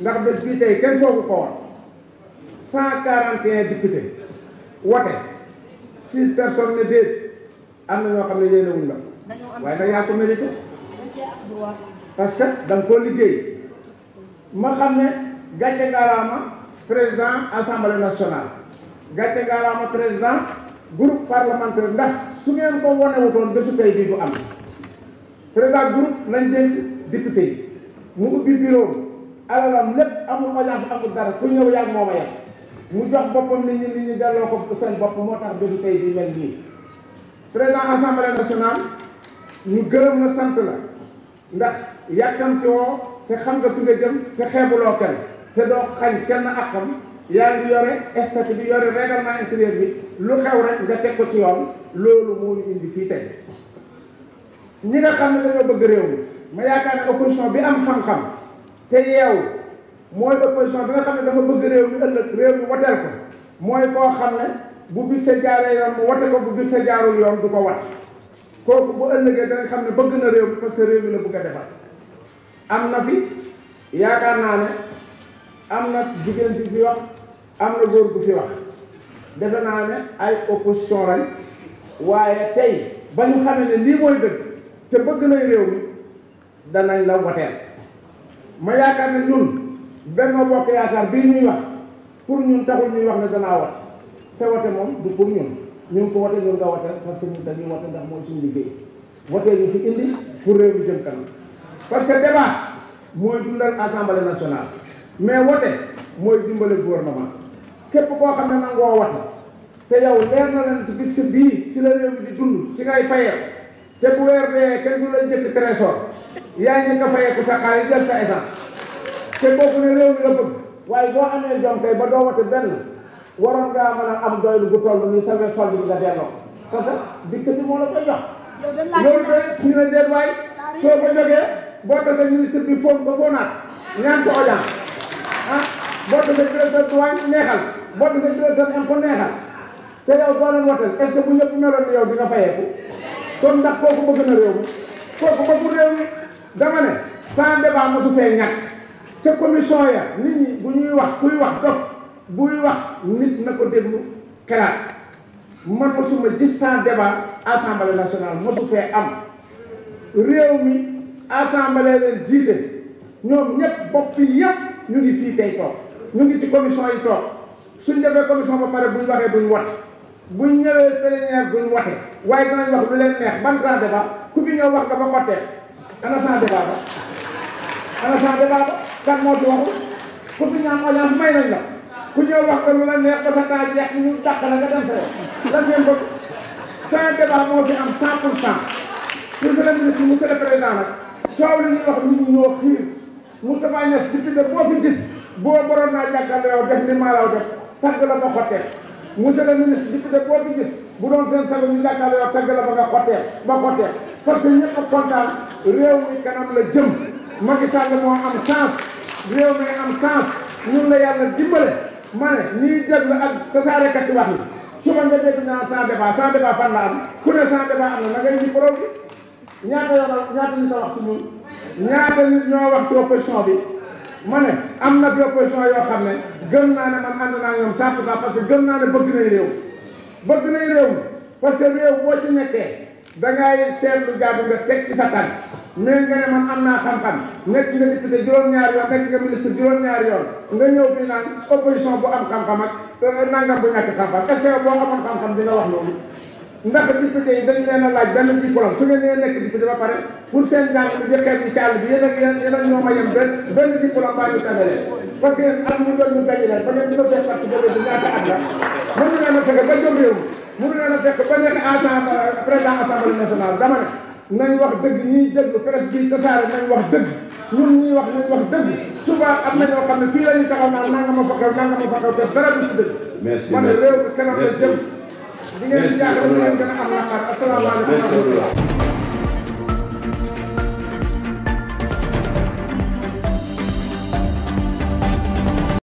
ndax bés bii tey kenn foogu ko woon cent quarante et un six personnes ne am na ñoo xam ne yéen la waaye nag yaa ko mérité parce que da nga koo liggéey ma xam ne gàcce a président assemblée nationale gàcce ngaalaama président groupe parlementaire ndax su ngeen ko wonewutoon bésu tey bii du am président groupe lañ dénk député mu ubbi bureau alalam lépp amul audience amul dara ku ñëw yàgg mooma yem mu jox boppam nit ñi nit ñi delloo ko seen bopp moo tax bésu tey bi mel nii président assemblée nationale ñu gërëm na sant na ndax yàkkamti woo te xam nga fi nga jëm te xeebuloo kenn te doo xañ kenn àqam yaa ngi yore statut bi yore règlement intérieur bi lu xew rek nga teg ko ci loolu moo ñu fii tey ñi nga xam ne dañoo bëgg réew mi ma yaakaar ne opposition bi am xam-xam te yeewu mooy opposition bi nga xam ne dafa bëgg réew mi ëllëg réew mi wateel ko mooy koo xam ne bu biir sa jaaree yoon mu wate ko bu biir sa jaarul yoon du ko wat kooku bu ëllëgee danga xam ne bëgg na réew mi parce que réew mi la bëgg a am na fi yaakaar naa ne am na jigéen bi fi wax am na góor bu fi wax defe naa ne ay opposition lañ waaye tey ba ñu xamee ne lii mooy dëgg te bëgg nañ réew mi danañ la wateel ma yaakaar ne ñun Benno Bokk Yaakaar bii ñuy wax pour ñun taxul ñuy wax ne danaa wat sa moom du pour ñun ñu ko wate ñun nga wate parce que ñun dañuy wate ndax mooy suñu liggéey wate ñu fi indi pour réew mi jëm kanam parce que débat mooy dundal assemblée nationale mais wate mooy dimbale gouvernement képp koo xam ne nangoo wate te yow leer na leen ci bit bii ci la réew di dund ci ngay fayee te bu weer dee kenn du la njëkk trésor yaay ni kafe aku kan sa ya, ya, dia jël sa essence te bokku ne réew mi la bëgg waaye boo amee jom tey ba doo wate benn waroon ngaa mën a am doylu bu toll nii sa sol bi nga delloo parce que dicté bi moo la koy jox loolu de ñu ne deel waay soo ko jógee boo tasee ministre bi foon ba foonaat ñaan ko ojaan ah boo tasee directeur douane neexal boo tasee directeur impôt neexal te yow doo leen watal est ce ni di kafe aku. kon ndax kooku bëgg na réew mi kooku dama ne sans débat mosu fee ñàkk ca commission ya nit ñi bu ñuy wax kuy wax dof buy wax nit na ko déglu xelaat man mosuma gis sans débat assemblée nationale mosu fee am réew mi assemblée leen jiite ñoom ñëpp bopp yëpp ñu ngi fii tey toog ñu ngi ci commission yi toog suñ defee commission ba pare buñ waxee buñ wat buñ ñëwee plénière buñ wate waaye danañ wax lu leen neex ban sans débat ku fi ñëw wax dafa xottee ana sans débat ba ana sans débat ba kan moo fi waxul ku fi ñaan audience may nañ la ku ñëw wax ko lu la neex ba sa daa jeex ñu dàq la nga dem sa yoon lan ngeen bëgg sans débat moo fi am 100 pour ministre monsieur le président nag soow li wax nit ñi ñoo xiir Moustapha Niass député boo fi gis boo boroon naa jàkkal yow def ni maa law def tàgg la ko xottee monsieur le ministre député boo bu doon seen sago ñu jàkkaarloo yow tagg la ba nga xottee ba xottee parce que ñëpp a kontaan réew mi kanam la jëm Macky Sall moo am chance réew mi am chance ñun la yàlla dimbale ma ne ñuy déglu ak tasaare kat ci wax yi nga dégg ñaan sans débat sans débat fan la am ku ne sans débat am na na ngay ji borom bi ñaata yoon ñaata ñu ko wax ci ñun ñaata ñoo wax ci bi ma am na fi opposition yoo xam ne gën naa ne man ànd naa ñoom sant naa parce naa bëgg nañ réew mi parce que réew boo ci nekkee da ngay nga teg ci sa tànk nga ne am naa xam-xam nekk nga député juróom-ñaari yoon nekk nga ministre juróom-ñaari yoon nga ñëw fi naan opposition bu am xam-xam ak euh, nangam bu ñàkk xam-xam est-ce que di nga a laaj benn diplôme su ngeen ba pare pour seen njàng mi njëkkee bi ci àll bi yéen ak yéen yéen ak ñoo ma am la. parce que ba jóg réew mu ne la fekk ba nekk assemblée président assemblée nationale dama ne nañ wax dëgg ñuy déglu presse bi tasaare nañ wax dëgg ñun ñuy wax nañ wax dëgg souvent am na ñoo xam ne fii la ñuy taxaw naan nanga ma fakkaw nanga ma fakkaw te dara du ci dëgg. merci man réew mi kanam la jëm. di ngeen yaakaar ne ngeen gën a am la xaar asalaamaaleykum